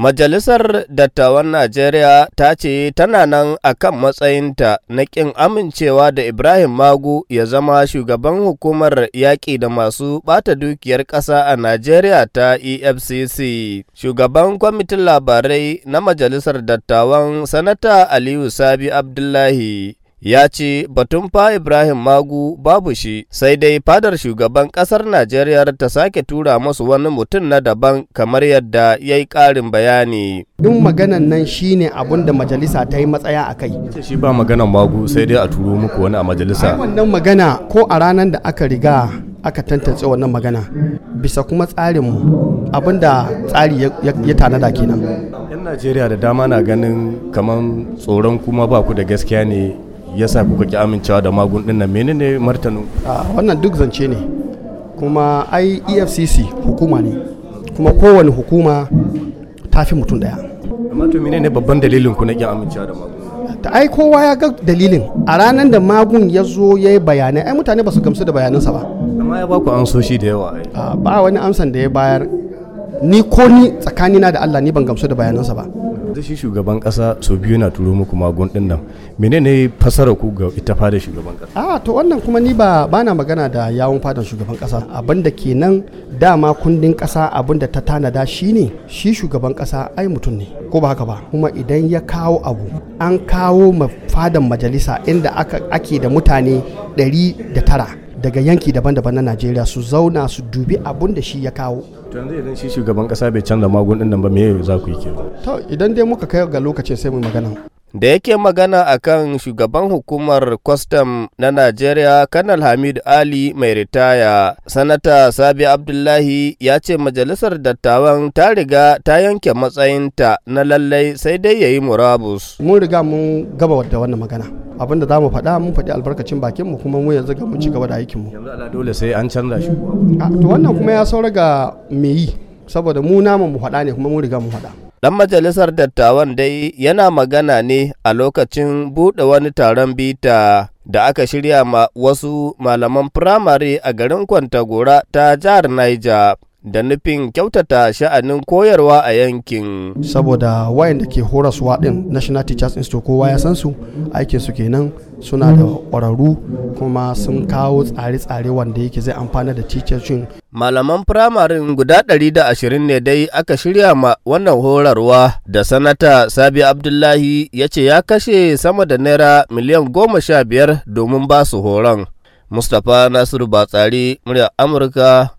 Majalisar Dattawan Najeriya ta ce tana nan a kan matsayinta na ƙin amincewa da Ibrahim Magu ya zama shugaban hukumar yaƙi da masu ɓata dukiyar ƙasa a Najeriya ta EFCC. Shugaban kwamitin labarai na Majalisar Dattawan Sanata Aliyu Sabi Abdullahi ya ce batun fa Ibrahim Magu babu shi sai dai fadar shugaban kasar Najeriya ta sake tura masu wani mutum na daban kamar yadda ya yi ƙarin bayani. Duk maganan nan shine abun da majalisa ta yi matsaya a kai. Shi ba maganan Magu sai dai a turo muku wani a majalisa. Wannan magana ko a ranar da aka riga aka tantance wannan magana bisa kuma tsarinmu abin da tsari ya tanada kenan. 'Yan Najeriya da dama na ganin kamar tsoron kuma ba ku da gaskiya ne yasa kuka ki amincewa da magun din nan menene martanin ah, wannan duk zance ne kuma ai EFCC hukuma ne kuma kowane hukuma ta fi mutum daya amma to menene babban dalilin ku na ki amincewa da magun ta ai kowa ya ga dalilin a ranar da magun ya zo ya yi bayanai ai mutane ba su gamsu da bayanansa ba amma ya baku amsoshi da yawa ah, ba wani amsan da ya bayar ni ko ni tsakanina da Allah ni ban gamsu da bayanansa ba da shi shugaban kasa sau biyu na turo muku magun din nan menene fasara ku ga ita fada shugaban kasa a ah, to wannan kuma ni ba bana magana da yawun fadan shugaban kasa abinda kenan dama kundin kasa da ta tanada shine shi shugaban kasa ai mutum ne ko ba haka ba kuma idan ya kawo abu an kawo fadan majalisa inda ake da mutane ɗari da tara. daga yanki daban-daban na najeriya su zauna su dubi abun da shi ya kawo yanzu idan shi shugaban kasa bai canza magun nan ba me za ku yi ke to idan dai muka kai ga lokacin sai mu magana da yake magana a kan shugaban hukumar kwastam na Najeriya Kanal Hamid Ali mai ritaya, Sanata Sabi Abdullahi ya ce majalisar dattawan ta riga ta yanke matsayinta na lallai sai dai ya yi murabus. Mun riga mun gaba da wannan magana. abin da za mu faɗa mun faɗi albarkacin bakin mu kuma mu yanzu ga mun ci gaba da aikin mu. Yanzu dole sai an canza shi. To wannan kuma ya saura ga me yi saboda mu namu mu faɗa ne kuma mun riga mun faɗa. Ɗan majalisar dattawan dai yana magana ne a lokacin buɗe wani taron bita da aka shirya ma wasu malaman firamare a garin Kwantagora ta jihar Niger. da nufin kyautata sha'anin koyarwa a yankin. Saboda wayanda ke horaswa din National Teachers Institute kowa ya san su aikin su kenan suna da ƙwararru kuma sun kawo tsare-tsare wanda yake zai amfana da teachers Malaman firamarin guda 120 ne dai aka shirya ma wannan horarwa da sanata Sabi Abdullahi ya ce ya kashe sama da naira miliyan goma sha biyar domin ba su horon. Mustapha Nasiru Batsari, murya Amurka,